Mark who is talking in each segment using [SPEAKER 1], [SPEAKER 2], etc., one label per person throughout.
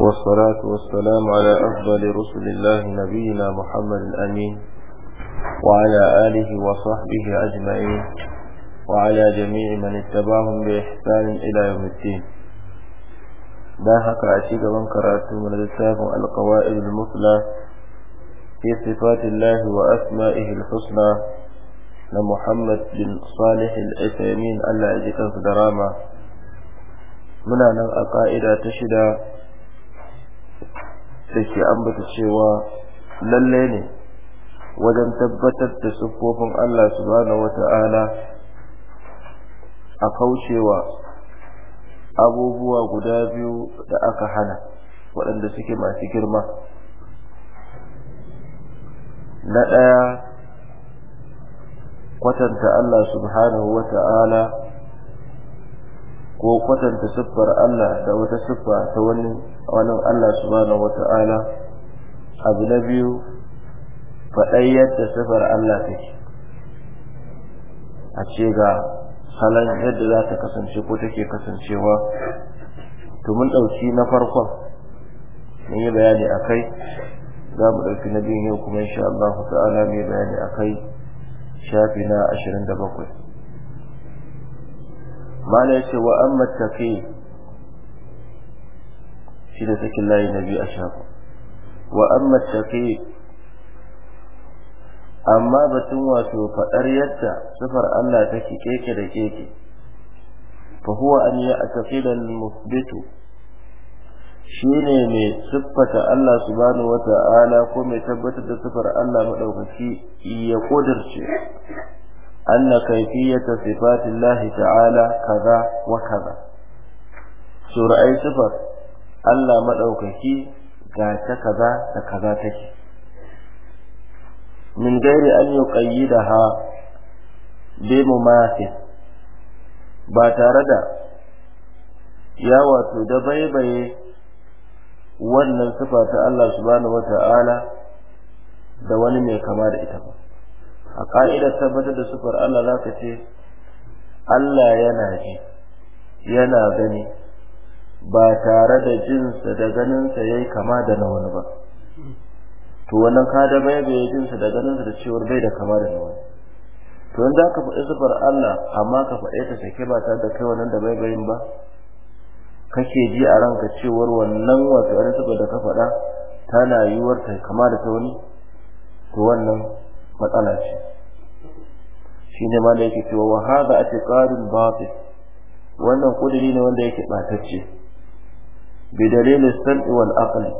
[SPEAKER 1] والصلاة والسلام على أفضل رسل الله نبينا محمد الأمين وعلى آله وصحبه أجمعين وعلى جميع من اتبعهم بإحسان إلى يوم الدين ذاهك أشيك من قرأت من لتاهم القوائد المثلى في صفات الله وأسمائه الحسنى لمحمد بن صالح الإسامين ألا في دراما منا نغأ قائدة تشدى da ke ambata cewa lalle ne wajen tabbatar da siffofin Allah subhanahu wata'ala a kaucewa abubuwa guda biyu da aka hana waɗanda suke masu girma na ɗaya kwatanta Allah subhanahu wata'ala ko kwatanta siffar Allah da wata siffa ta wani wani Allah subhanahu wata'ala abu na biyu faɗai yadda siffar Allah take a ce ga salon yadda za ta kasance ko take kasancewa to mun ɗauki na farkon mun yi bayani a kai za mu ɗauki na biyun yau kuma insha Allah ta'ala mai bayani a kai shafi na ashirin da bakwai ya yace wa amma taqi shi da take layi nabi shafa. wa amma taqi amma batun wato fadar yadda sifar Allah take keke da keke fa huwa an ya'taqida al shi shine mai siffata Allah subhanahu wata'ala ko mai tabbatar da sufar Allah madaukaki ya kodarce أن كيفية صفات الله تعالى كذا وكذا سورة أي صفر ألا مدعوككي قاعدة كذا وكذا تكي من غير أن يقيدها بمماثل باتارد يا واتو دبيبي wannan sifa ta Allah subhanahu wata'ala da wani mai a ta tabbatar da sufar Allah za ka ce Allah yana ji yana gani ba tare da jinsa da ganinsa ya yi kama da na wani ba to wannan da bai bai jinsa da ganinsa da cewar bai da kama da na wani to yanzu ka faɗi sufar Allah amma ka faɗi ta sake ba tare da kai wannan da bai bayin ba kake ji a ranka cewar wannan wato yar sufar da ka faɗa tana yiwuwar ta kama da ta wani to wannan matsala ce shine ma da yake cewa wa hadha atiqadun batil wannan kudiri ne wanda yake batacce bi dalilin sam'i wal aqli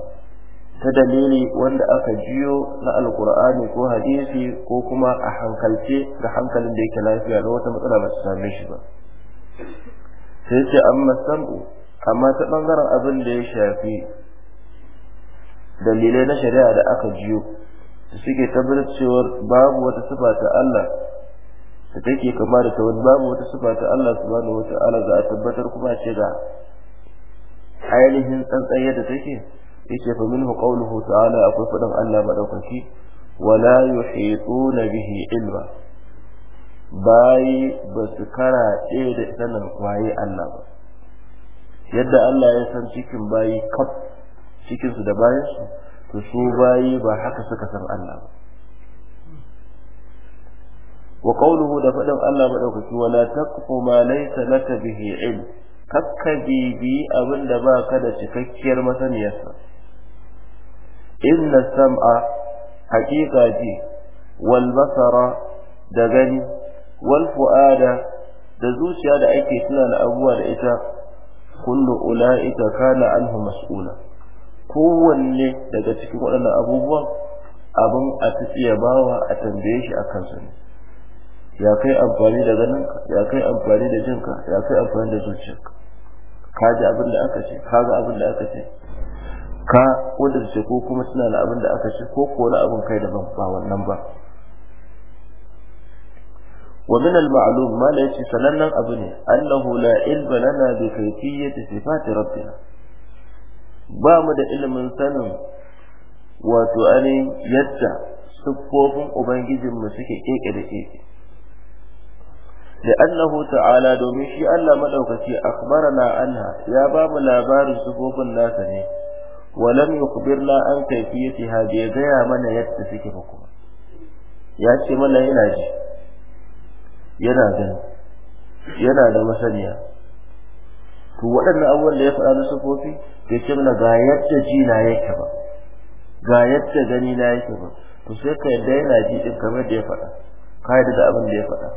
[SPEAKER 1] ta dalili wanda aka jiyo na alqur'ani ko hadisi ko kuma a hankalce da hankalin da yake lafiya da wata matsala ba ta same shi ba sai ce amma sam'u amma ta bangaren abin da ya shafi dalilai na shari'a da aka jiyo suke tabbatar cewa babu wata sifa ta Allah da take kama da ta wani babu wata sifa ta Allah subhanahu wa ta'ala za a tabbatar kuma ce ga ainihin tsantsan yadda take yake fa minhu qawluhu ta'ala akwai fadin Allah madaukaki la yuhituna bihi ilma bai ba su karaɗe da nan waye Allah ba yadda Allah ya san cikin bayi kaf cikin da bayansu to su bayi ba haka suka san Allah ba wa qawluhu da faɗin Allah madaukaki wa la taqfu ma laysa laka bihi ilm kakka bibi abin da ka da cikakkiyar masaniyarsa inna sam'a haqiqa ji wal basara da gani wal fu'ada da zuciya da ake tunana abubuwa da ita kullu ula'ika kana anhu mas'ula kowanne daga cikin waɗannan abubuwan abin a tsiya bawa a tambaye shi a kansu ne ya kai amfani da ganinka ya kai amfani da jinka ya kai amfani da zuciyarka ka ji abin da aka ce ka ga abin da aka ce ka wanda ce ko kuma suna da abin da aka ce ko ko na abin kai daban ba wannan ba wa min al ma'lum ma la yati sanannan abu ne annahu la ilma lana bi kayfiyyati sifati rabbina ba mu da ilimin sanin wato ani yadda siffofin ubangijinmu suke keke da keke لأنه تعالى دومشي ألا مدوكتي أخبرنا عنها يا باب لابار سفوف الناس لي ولم يخبرنا عن كيفيتها بيديها من يتسك بكم يا شي من يناجي ينادى ينادى waɗannan abubuwan da ya faɗa na sufofi da ce mana ga yadda ji na yake ba ga yadda gani na yake ba to sai ka yadda ji din kamar da ya faɗa ka da abin da ya faɗa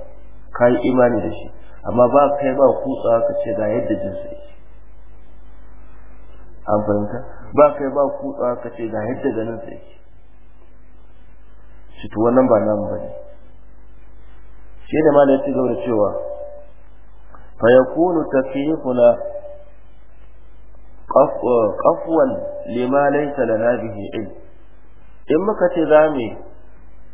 [SPEAKER 1] ka yi imani da shi amma ba kai ba kutsawa ka ce ga yadda jinsa yake an fahimta ba kai ba kutsawa ka ce ga yadda ganinsa yake shi to wannan ba namu ba ne shi da malam ya ci gaba da cewa fa yakunu takyifuna qafwan lima laysa lana bihi ilm in muka ce za mu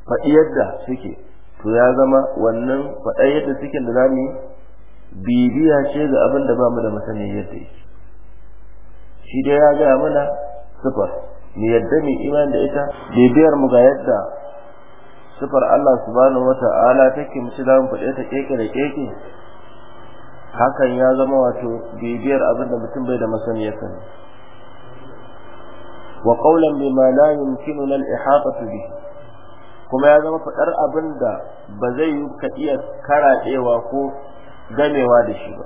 [SPEAKER 1] faɗi yadda suke to ya zama wannan faɗar yadda suke da zamu bibiya ce ga abin da bamu da masani yadda yake shi dai ya gaya mana sifar mu yadda mu iman da ita bibiyar mu ga yadda sifar Allah subhanahu wata'ala take mu ci mu faɗe ta keke da keke hakan ya zama wato bibiyar abin da mutum bai da masaniyar sa wa qawlan bima la yumkinuna al ihata bihi kuma ya zama faɗar abin da ba zai yi ka iya karaɗewa ko gamewa da shi ba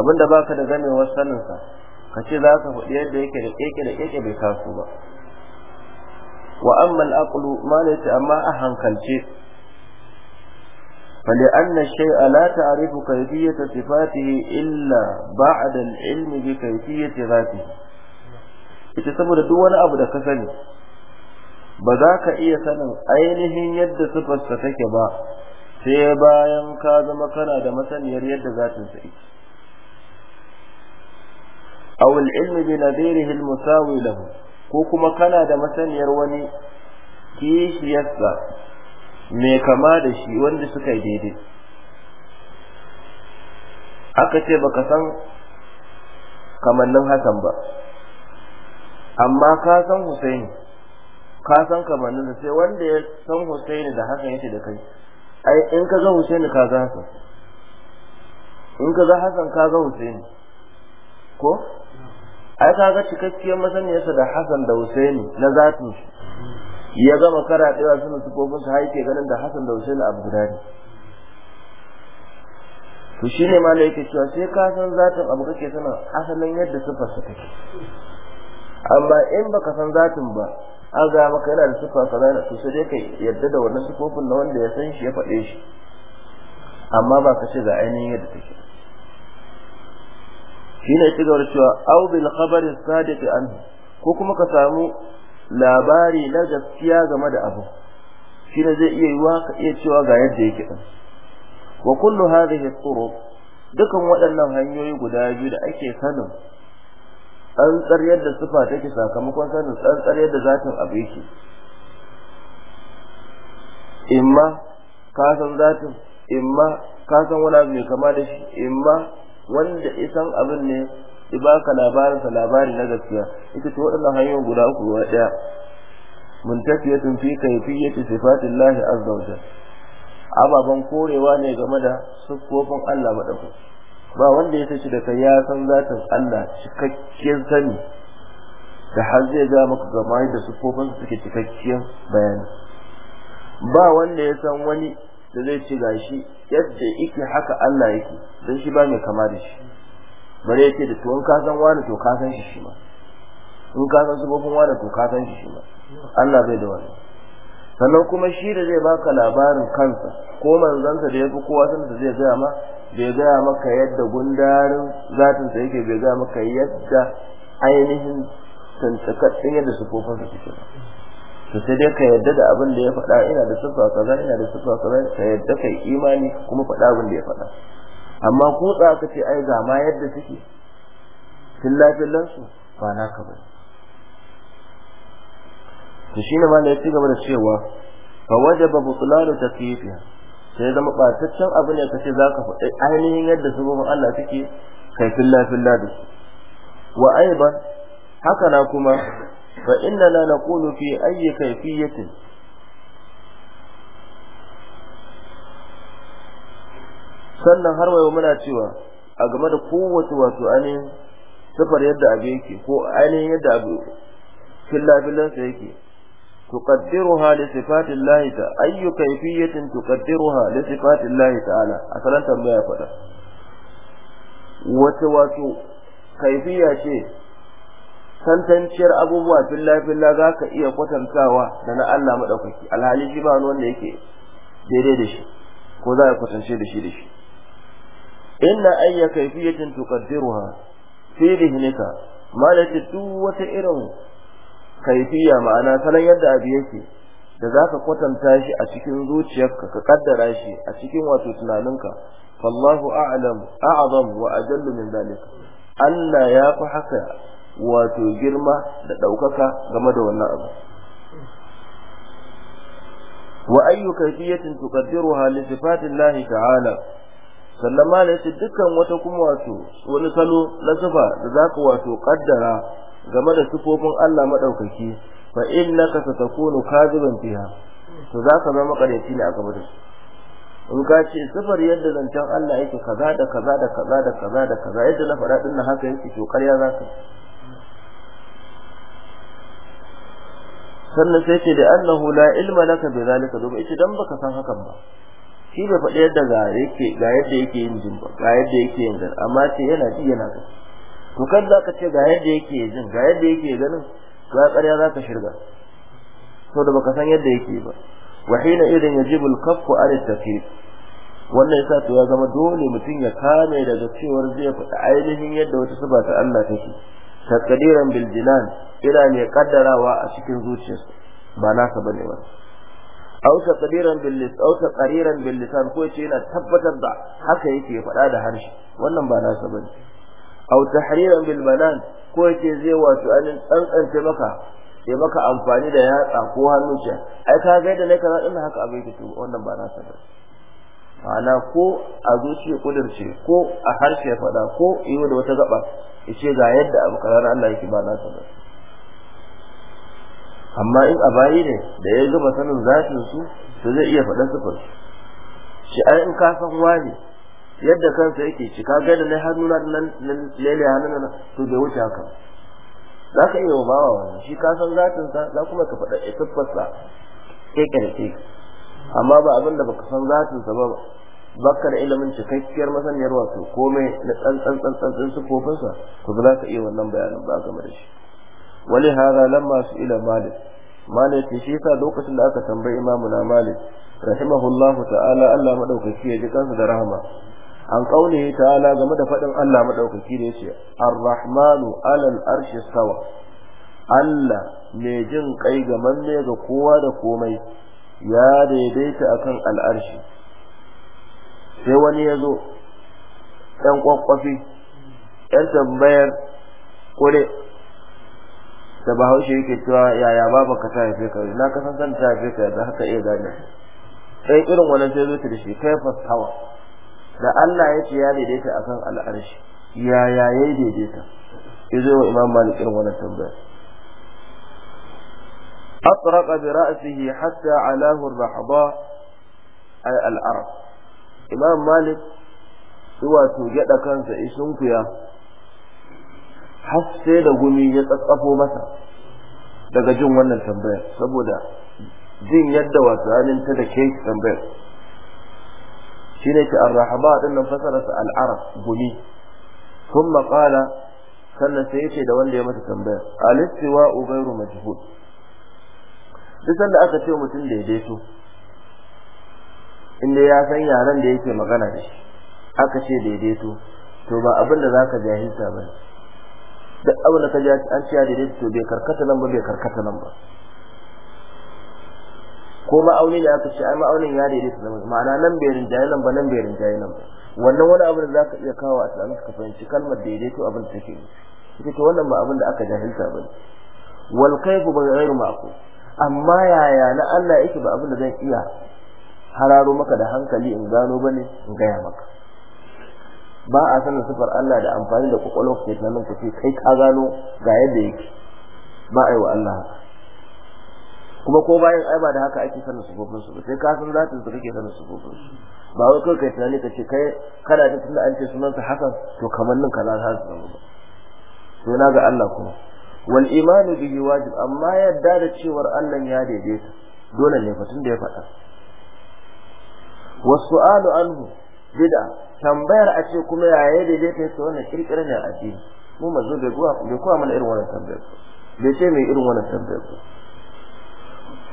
[SPEAKER 1] abin da baka da gamewar saninsa ka ce za ka faɗi yadda yake da keke da keke bai taso ba wa amma al'aqlu ma amma a hankalce la الشيء لا تعرف كيفية صفاته إلا ilmi bi بكيفية ذاته ita saboda duk wani abu da ka sani ba za ka iya sanin ainihin yadda sifarsa take ba sai bayan ka zama kana da masaniyar yadda za ta sai awul ilmi bi nadirihi almusawi lahu ko kuma kana da masaniyar wani kishiyarsa mai kama da shi wanda suka yi daidai aka ce baka san kamannin hasan ba amma ka san husaini ka san kamannin da sai wanda ya san Husaini da Hassan yake da kai ai in ka ga Husaini ka ga Hassan in ka ga Hassan ka ga Husaini ko ai ka ga cikakkiyar masaniyarsa da Hassan da Husaini na zatin shi ya gama karaɗewa suna sufofin su haike ganin da Hassan da Husaini abu guda ne to shine ma yake cewa sai ka san zatin abu kake sanin asalin yadda sifarsa take amma in baka san zatin ba an maka yana da sufa kaza yana to sai dai kai yadda da wannan sufofin na wanda ya san shi ya faɗe shi amma ba ka ce ga ainihin yadda take shi ne ci gaba cewa au bil khabari sadiq anhu ko kuma ka samu labari na gaskiya game da abu shi ne zai iya yiwa ka iya cewa ga yadda yake din wa kullu hadhihi turuq dukan waɗannan hanyoyi guda biyu da ake sanin tsantsar yadda sufa take sakamakon sanin tsantsar yadda zatin abu yake imma ka san zatin imma ka san wani abu mai kama da shi imma wanda isan abin ne i baka labarinsa labari na gaskiya ita ce waɗannan hanyoyin guda uku ruwa ɗaya tun fi kayfiyyati sifatillahi azza wa jalla ababan korewa ne game da sukkofin Allah madaukaki ba wanda ya sace da kai ya san zatin Allah cikakken sani da har zai ga maka gama da sufofin suke cikakken bayani ba wanda ya san wani da zai ci gashi yadda yake haka Allah yake don shi ba mai kama da shi bare yake da tuwon ka san wani to ka san shi shi ma in ka san sufofin wani to ka san shi shi ma Allah bai da wani sannan kuma shi da zai baka labarin kansa ko manzansa da ya fi kowa sanda zai gaya ma bai gaya maka yadda gundarin sa yake bai gaya maka yadda ainihin tantakatsin yadda sufofinsa suke to sai dai ka yadda da abin da ya faɗa ina da siffa kaza ina da siffa kaza ka yadda kai imani kuma faɗa abin da ya faɗa amma ko tsaka ce ai ga ma yadda suke tun lafiyar su ba naka ba to shine ma da ya ci gaba da cewa fa wajaba butlanu takyifiha sai zama bataccen abu ne kace zaka faɗi ainihin yadda sabon Allah take kai fillah da wa aiban haka na kuma fa inna la naqulu fi ayyi kayfiyatin sannan har wayo muna cewa a game da kowace wato ainihin sifar yadda abu yake ko ainihin yadda abu filla yake تقدرها لصفات الله تعالى أي كيفية تقدرها لصفات الله تعالى أصلا تنبيه فتا وتواتو kaifiya ce tantanciyar abubuwa filla-filla za ka iya kwatantawa da na Allah maɗaukaki alhali shi ba wanda yake daidai da shi ko za a kwatance da shi da shi inna ayya kaifiyatin tuqaddiruha fi dhihnika malati duk wata irin kaifiya ma'ana salon yadda abu yake da zaka kwatanta shi a cikin zuciyarka ka kaddara shi a cikin wato tunaninka wallahu a'lam a'zam wa ajall min Allah ya fi haka wato girma da ɗaukaka game da wannan abu wa ayyu kayfiyatin tuqaddiruha li sifatillahi ta'ala sallama ne dukkan wata kuma wato wani salo na sifa da zaka wato kaddara game da sifofin Allah madaukaki fa innaka satakunu kadiban fiha to zaka zama kareci ne a gaba da su in ka ce sifar yadda zancen Allah yake kaza da kaza da kaza da kaza da kaza yadda na faɗa din haka yake to ƙarya zaka sannan sai ce da annahu la ilma laka bi zalika domin ita dan baka san hakan ba shi bai faɗi yadda ga yake ga yadda yake yin jin ba ga yadda yake yin gar amma ce yana ji yana gani to kan za ka ce ga yadda yake jin ga yadda yake ganin ga ƙarya za ka shirga to da baka san yadda yake ba wahina irin yajibul kaffu an tafsir wannan yasa to ya zama dole mutum ya kame daga cewar zai faɗi ainihin yadda wata siba ta Allah take takdiran bil jinan ila ne kaddarawa a cikin zuciyarsa ba nasa bane ba aw taqdiran bil lisan aw taqriran bil lisan ko yace yana tabbatar da haka yake faɗa da harshe wannan ba nasa bane aw tahriran bil manan ko yace zai wato an tsantsance maka sai maka amfani da yatsa ko hannu ce ai ka ga da ne kaza din haka abin ki wannan ba nasa ba ma'ana ko a zuciya kudirce ko a harshe faɗa ko iyo da wata gaba yace ga yadda abu karar Allah yake ba nasa ba amma in a bayi ne da ya gama sanin zatin su to zai iya faɗa sifar shi ai in ka san wani yadda kansa yake ci ka gani na hannu na nan lele hannun na to bai wuce haka za ka iya wa bawa wani shi ka san sa za kuma ka faɗa ya tabbarsa keke da keke amma ba abin da baka san sa ba bakar ilimin cikakkiyar masaniyar wato komai na tsantsan tsantsan kofin sa to ba za ka iya wannan bayanin ba game da shi wali hada lamma su ila malik malik shi yasa lokacin da aka tambayi imamu na malik rahimahullahu ta'ala Allah madaukaki ya ji kansa da rahama an ta ala game da faɗin Allah madaukaki da yace ar-rahmanu alal arshi sawa Allah mai jin kai ga manne ga kowa da komai ya daidaita akan al'arshi sai wani ya zo ɗan kwakwafi ɗan tambayar kure da bahaushe yake cewa yaya baba ka ta haife ka na kasan san ta haife ka da haka iya gane sai irin wannan sai zo ta da shi kai fasawa da Allah ya ce ya daidaita akan al'arshi yaya ya daidaita izo wa imam malik irin wannan tambaya أطرق برأسه حتى علاه الرحضاء أي الأرض إمام Malik zuwa su gyada kansa isun kuya har sai da gumi ya tsatsafo masa daga jin wannan tambayar saboda jin yadda wasu ta da ke tambayar shine ke ar-rahaba din nan fasara sa al-arab gumi thumma qala sannan sai yace da wanda ya mata tambaya al-istiwa ghayru majhul duk sanda aka ce mutum daidaito inda ya san yaran da yake magana da shi aka ce daidaito to ba abin da zaka jahilta bane duk abin da ka ji an ce daidaito to bai karkata nan ba bai karkata nan ba ko ma'auni ne aka ce ai ma'aunin ya daidaita zama ma'ana nan bai rinjaye nan ba nan bai rinjaye nan wannan wani abin da zaka iya kawo a tsarin ka fahimci kalmar to abin da take ita to wannan ba abin da aka jahilta ba wal kaifu ba ghairu maku. amma yaya na Allah yake ba abin da zan iya hararo maka da hankali in gano bane in gaya maka ba a sanin sifar Allah da amfani da kwakwalwar ke tunanin ku ce kai ka gano ga yadda yake ba a yi wa Allah kuma ko bayan ai ba da haka ake sanin sufofin su sai ka san zatin su kake sanin sufofin su ba wai kai kai tunani kace kai kana da tunda an ce sunan sa hasan to kamar nan kaza za su zama ba to na ga Allah kuma wal imanu bihi wajib amma yadda da cewar Allah ya daidaita dole ne fatun da ya faɗa su'alu anhu bid'a tambayar a ce kuma yaya daidaita su wannan kirkirar ne addini mu mazo bai kuwa mana irin wannan tambayar bai ce mai irin wannan tambayar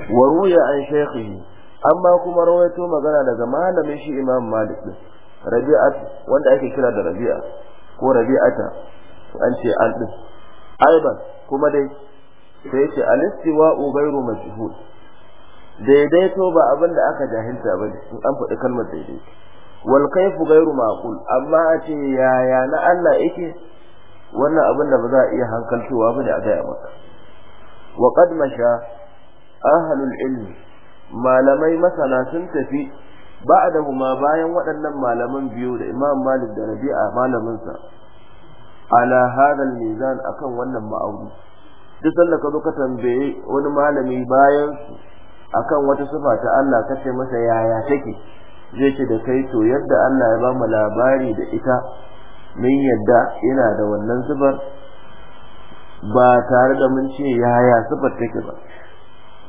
[SPEAKER 1] waruya ruya an amma kuma rawaito magana daga malamin shi imam malik din rabi'at wanda ake kira da rabi'a ko rabi'ata an ce an din aiban kuma dai sai yace al-istiwa'u ghayru majhul daidaito ba abin da aka jahilta ba ne in an faɗi kalmar daidai. wal kayfu ghayru ma'qul amma a ce yaya na Allah yake wannan abin da ba za a iya hankaltowa ba ne a gaya maka wa qad masha ahlul ilmi malamai masana sun tafi dahuma bayan waɗannan malaman biyu da Imam Malik da Rabi'a malamin sa ala hadal mizan akan wannan ma'auni duk sanda ka zo ka tambaye wani malami bayan akan wata sifa ta Allah ka ce masa yaya take zai ce da kai to yadda Allah ya ba mu labari da ita min yadda yana da wannan sifar ba tare da mun ce yaya sifar take ba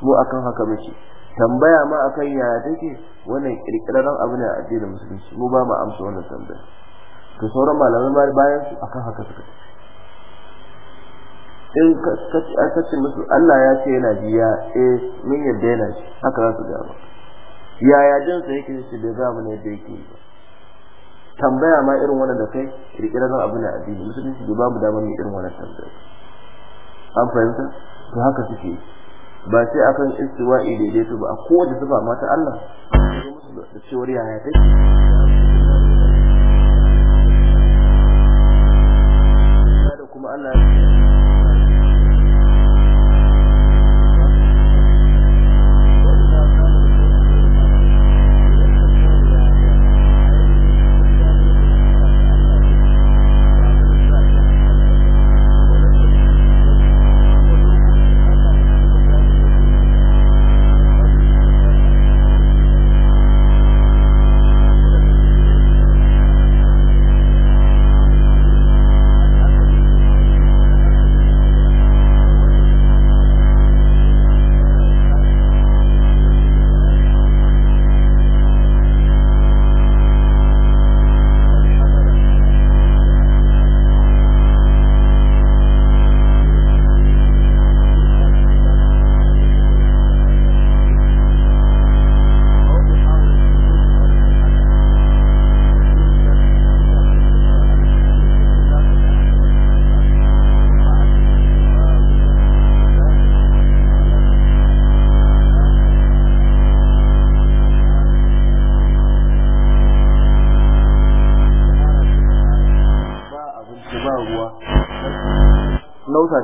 [SPEAKER 1] mu akan haka muke tambaya ma akan ya take wannan kirkirarren abu ne a addinin musulunci mu ba mu amsa wannan tambaya to sauran malamai ma bayan su akan haka suka in ka ce musu Allah ya ce yana jiya, eh mun yadda yana shi haka za su ga ba yaya jin sa yake shi bai ga mu ne da yake ba tambaya ma irin wannan da kai kirkirarren abu ne a addinin musulunci ba mu damar mu irin wannan tambaya an fahimta to haka suke yi ba sai akan istiwa'i daidaito ba a kowace zuba mata Allah da cewar yaya take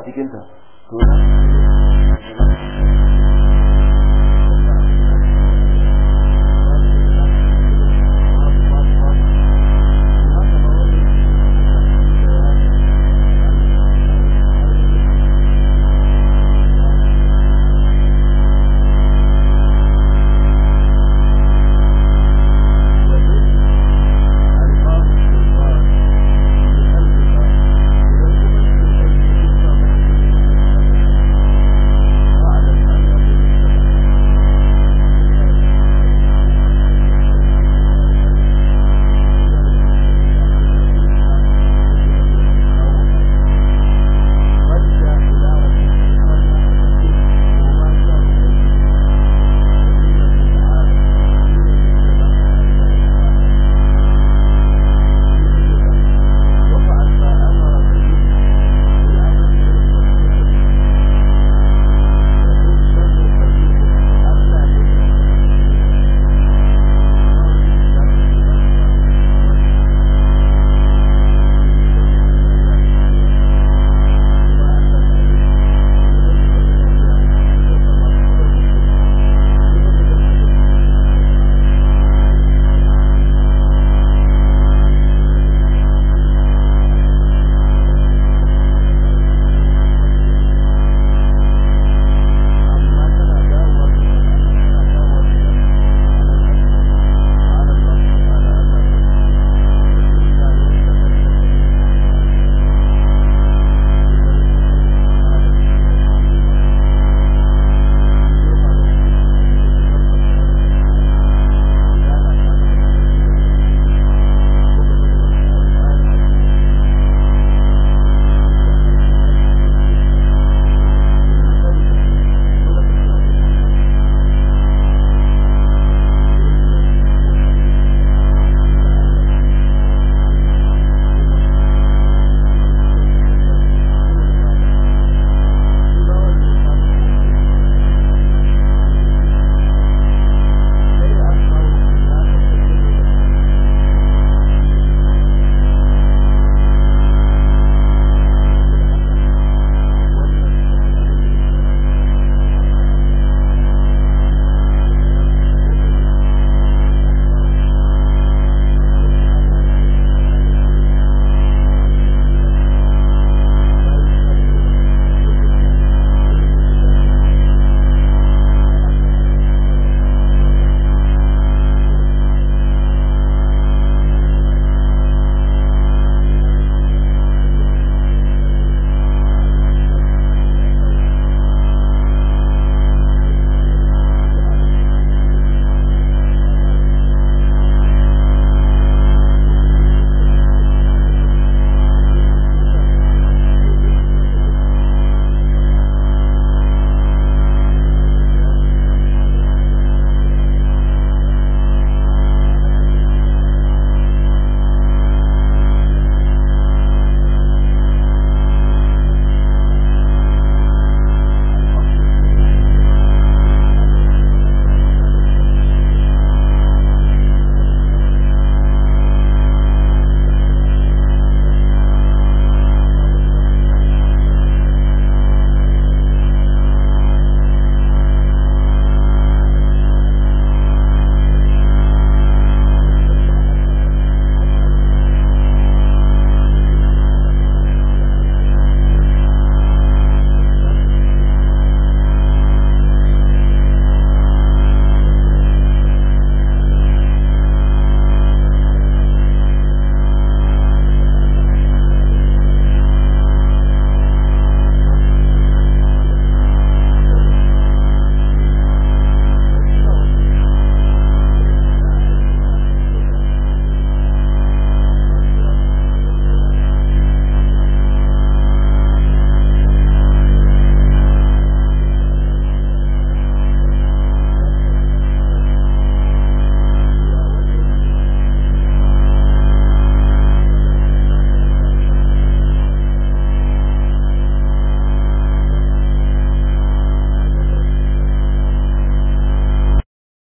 [SPEAKER 1] sa cikin ta